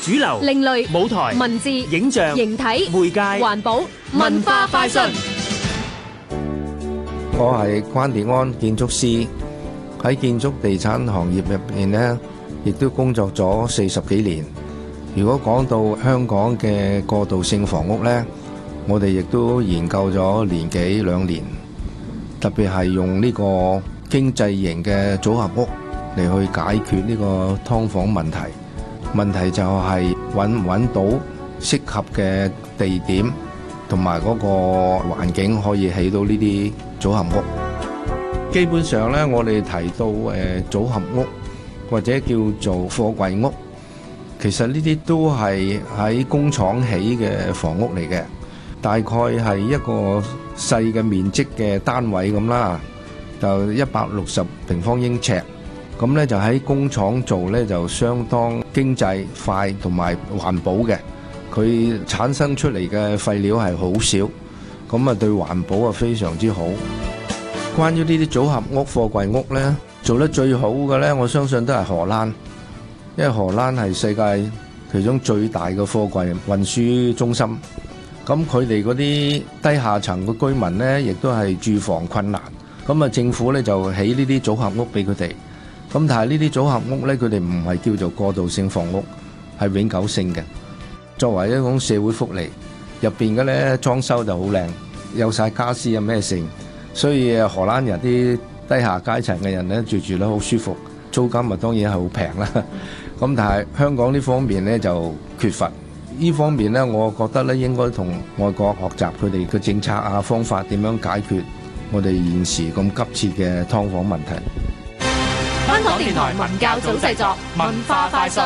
主流、另類舞台、文字、影像、形體、媒介、環保、文化、快訊。我係關迪安，建築師，喺建築地產行業入邊咧，亦都工作咗四十幾年。如果講到香港嘅過渡性房屋咧，我哋亦都研究咗年幾兩年，特別係用呢個經濟型嘅組合屋嚟，去解決呢個劏房問題。問題就係揾唔揾到適合嘅地點，同埋嗰個環境可以起到呢啲組合屋。基本上呢，我哋提到誒組合屋或者叫做貨櫃屋，其實呢啲都係喺工廠起嘅房屋嚟嘅，大概係一個細嘅面積嘅單位咁啦，就一百六十平方英尺。咁咧就喺工廠做咧，就相當經濟快同埋環保嘅。佢產生出嚟嘅廢料係好少，咁啊對環保啊非常之好。關於呢啲組合屋貨櫃屋咧，做得最好嘅咧，我相信都係荷蘭，因為荷蘭係世界其中最大嘅貨櫃運輸中心。咁佢哋嗰啲低下層嘅居民咧，亦都係住房困難，咁啊政府咧就起呢啲組合屋俾佢哋。咁但係呢啲組合屋呢，佢哋唔係叫做過渡性房屋，係永久性嘅。作為一種社會福利，入面嘅呢裝修就好靚，有曬家私，有咩性。所以荷蘭人啲低下階層嘅人呢，住住得好舒服，租金啊當然係好平啦。咁但係香港呢方面呢，就缺乏。呢方面呢，我覺得呢應該同外國學習佢哋嘅政策啊，方法，點樣解決我哋現時咁急切嘅劏房問題。香港電台文教組製作，文化快訊。